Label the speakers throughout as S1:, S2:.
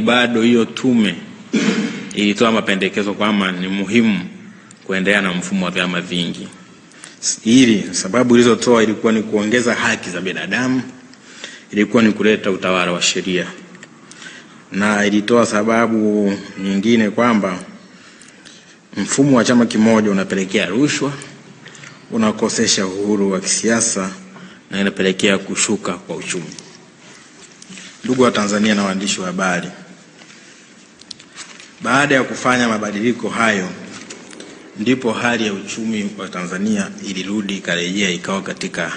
S1: Bado hiyo tume ilitoa mapendekezo kwamba ni muhimu kuendelea na mfumo wa vyama vingi. Hili sababu ilizotoa ilikuwa ni kuongeza haki za binadamu, ilikuwa ni kuleta utawala wa sheria, na ilitoa sababu nyingine kwamba mfumo wa chama kimoja unapelekea rushwa, unakosesha uhuru wa kisiasa na inapelekea kushuka kwa uchumi. Ndugu wa Tanzania na waandishi wa habari baada ya kufanya mabadiliko hayo, ndipo hali ya uchumi wa Tanzania ilirudi ikarejea ikawa katika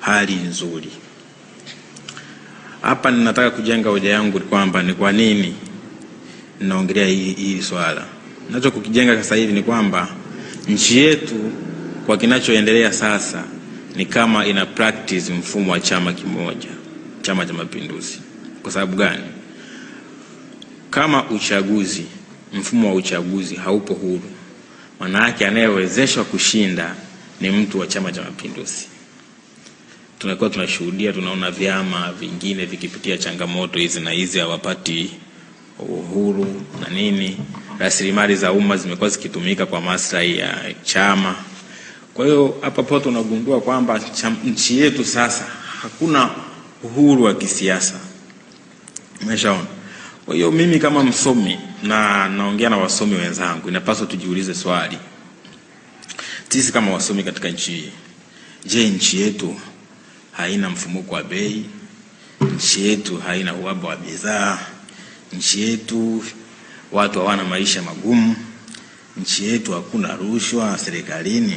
S1: hali nzuri. Hapa ninataka kujenga hoja yangu kwamba ni kwa nini ninaongelea hili, hili swala. Nacho kukijenga sasa hivi ni kwamba nchi yetu kwa kinachoendelea sasa ni kama ina practice mfumo wa chama kimoja, Chama cha Mapinduzi. Kwa sababu gani? Kama uchaguzi, mfumo wa uchaguzi haupo huru, maana yake anayewezeshwa kushinda ni mtu wa Chama cha Mapinduzi. Tunakuwa tunashuhudia, tunaona vyama vingine vikipitia changamoto hizi na hizi, hawapati uhuru na nini, rasilimali za umma zimekuwa zikitumika kwa maslahi ya chama. Kwa hiyo hapa po tunagundua kwamba nchi yetu sasa hakuna uhuru wa kisiasa. Umeshaona? Kwa hiyo mimi kama msomi na naongea na wasomi wenzangu, inapaswa tujiulize swali sisi kama wasomi katika nchi hii. Je, nchi yetu haina mfumuko wa bei? Nchi yetu haina uhaba wa bidhaa? Nchi yetu watu hawana maisha magumu? Nchi yetu hakuna rushwa serikalini?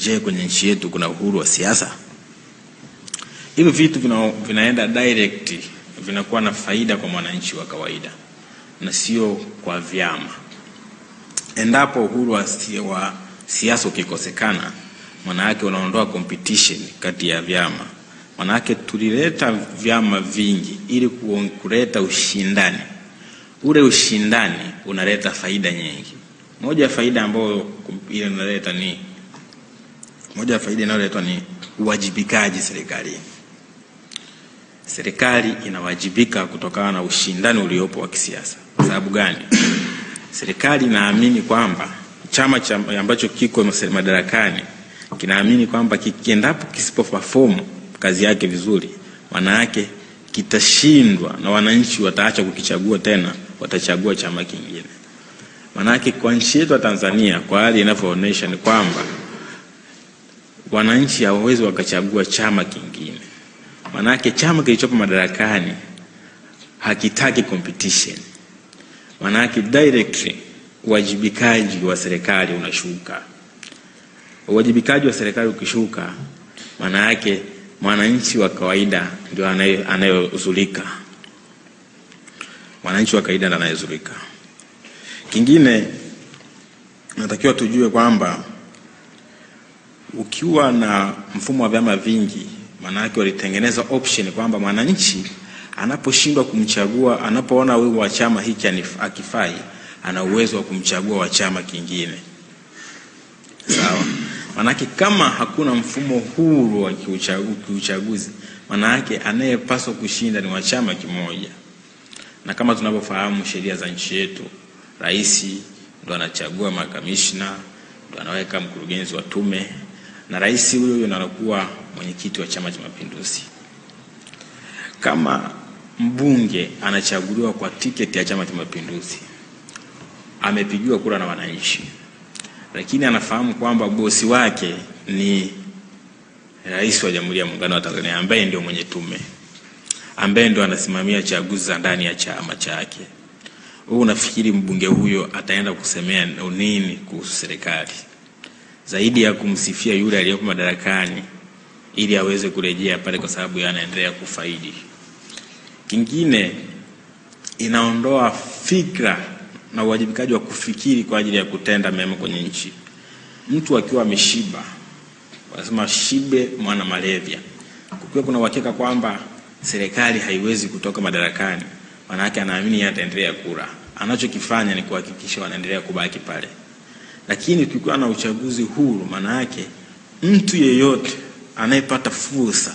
S1: Je, kwenye nchi yetu kuna uhuru wa siasa? Hivi vitu vina, vinaenda direct vinakuwa na faida kwa mwananchi wa kawaida na sio kwa vyama. Endapo uhuru wa siasa ukikosekana, manake unaondoa competition kati ya vyama. Manake tulileta vyama vingi ili kuleta ushindani. Ule ushindani unaleta faida nyingi. Moja ya faida ambayo ile inaleta ni moja ya faida inayoletwa ni uwajibikaji serikalini serikali inawajibika kutokana na ushindani uliopo wa kisiasa. Sababu gani? Serikali inaamini kwamba chama cha ambacho kiko madarakani kinaamini kwamba kikiendapo kisipo perform kazi yake vizuri, maana yake kitashindwa na wananchi wataacha kukichagua tena, watachagua chama kingine. Maana yake kwa nchi yetu ya Tanzania, kwa hali inavyoonyesha ni kwamba wananchi hawawezi wakachagua chama kingine Manake chama kilichopo madarakani hakitaki competition, manake directly uwajibikaji wa serikali unashuka. Uwajibikaji wa serikali ukishuka, maana yake mwananchi wa kawaida ndio anayozulika, mwananchi wa kawaida ndio anayezulika. Kingine natakiwa tujue kwamba ukiwa na mfumo wa vyama vingi Maanake walitengeneza option kwamba mwananchi anaposhindwa kumchagua, anapoona huyu wa chama hiki akifai, ana uwezo wa kumchagua wa chama kingine. Sawa? Maanake kama hakuna mfumo huru wa kiuchaguzi, maanake anayepaswa kushinda ni wa chama kimoja, na kama tunavyofahamu sheria za nchi yetu, rais ndo anachagua makamishna, ndo anaweka mkurugenzi wa tume, na rais huyo huyo anakuwa mwenyekiti wa Chama cha Mapinduzi. Kama mbunge anachaguliwa kwa tiketi ya Chama cha Mapinduzi, amepigiwa kura na wananchi, lakini anafahamu kwamba bosi wake ni Rais wa Jamhuri ya Muungano wa Tanzania ambaye ndio mwenye tume, ambaye ndio anasimamia chaguzi za ndani ya chama chake. Wewe unafikiri mbunge huyo ataenda kusemea nini kuhusu serikali zaidi ya kumsifia yule aliyeko madarakani? ili aweze kurejea pale, kwa sababu anaendelea kufaidi. Kingine, inaondoa fikra na uwajibikaji wa kufikiri kwa ajili ya kutenda mema kwenye nchi. Mtu akiwa ameshiba, wanasema shibe mwana malevya. Kukiwa kuna uhakika kwamba serikali haiwezi kutoka madarakani, manake anaamini ataendelea kura, anachokifanya ni kuhakikisha wanaendelea kubaki pale. Lakini tukiwa na uchaguzi huru, maana yake mtu yeyote anayepata fursa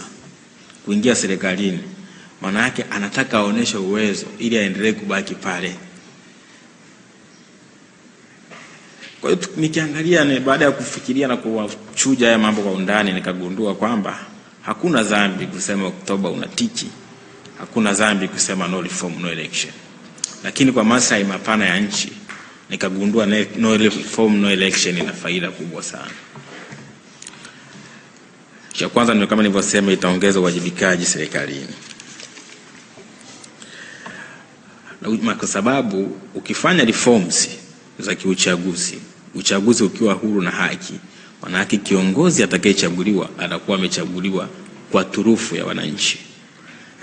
S1: kuingia serikalini, maana yake anataka aoneshe uwezo ili aendelee kubaki pale. Kwa hiyo nikiangalia ni baada ya kufikiria na kuwachuja haya mambo kwa undani, nikagundua kwamba hakuna dhambi kusema Oktoba unatiki, hakuna dhambi kusema no reform no election, lakini kwa maslahi mapana ya nchi nikagundua no reform no election ina faida kubwa sana. Cha kwanza ndio kama nilivyosema, itaongeza uwajibikaji serikalini, kwa sababu ukifanya reforms za kiuchaguzi, uchaguzi ukiwa huru na haki, manake kiongozi atakayechaguliwa atakuwa amechaguliwa kwa turufu ya wananchi,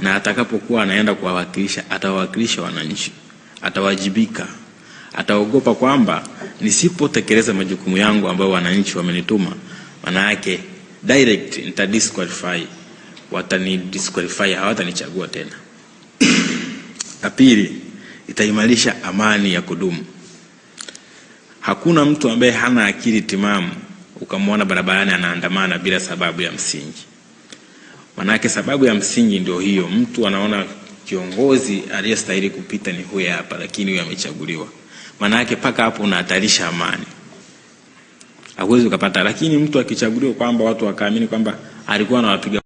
S1: na atakapokuwa anaenda kuwawakilisha atawawakilisha wananchi, atawajibika ataogopa kwamba nisipotekeleza majukumu yangu ambayo wananchi wamenituma, maana yake direct nita disqualify, watani disqualify, hawatanichagua tena. La pili, itaimarisha amani ya kudumu. Hakuna mtu ambaye hana akili timamu ukamwona barabarani anaandamana bila sababu ya msingi. Manake sababu ya msingi ndio hiyo, mtu anaona kiongozi aliyestahili kupita ni huyo hapa, lakini huyo amechaguliwa. Manake mpaka hapo unahatarisha amani hauwezi ukapata. Lakini mtu akichaguliwa kwamba watu wakaamini kwamba alikuwa anawapiga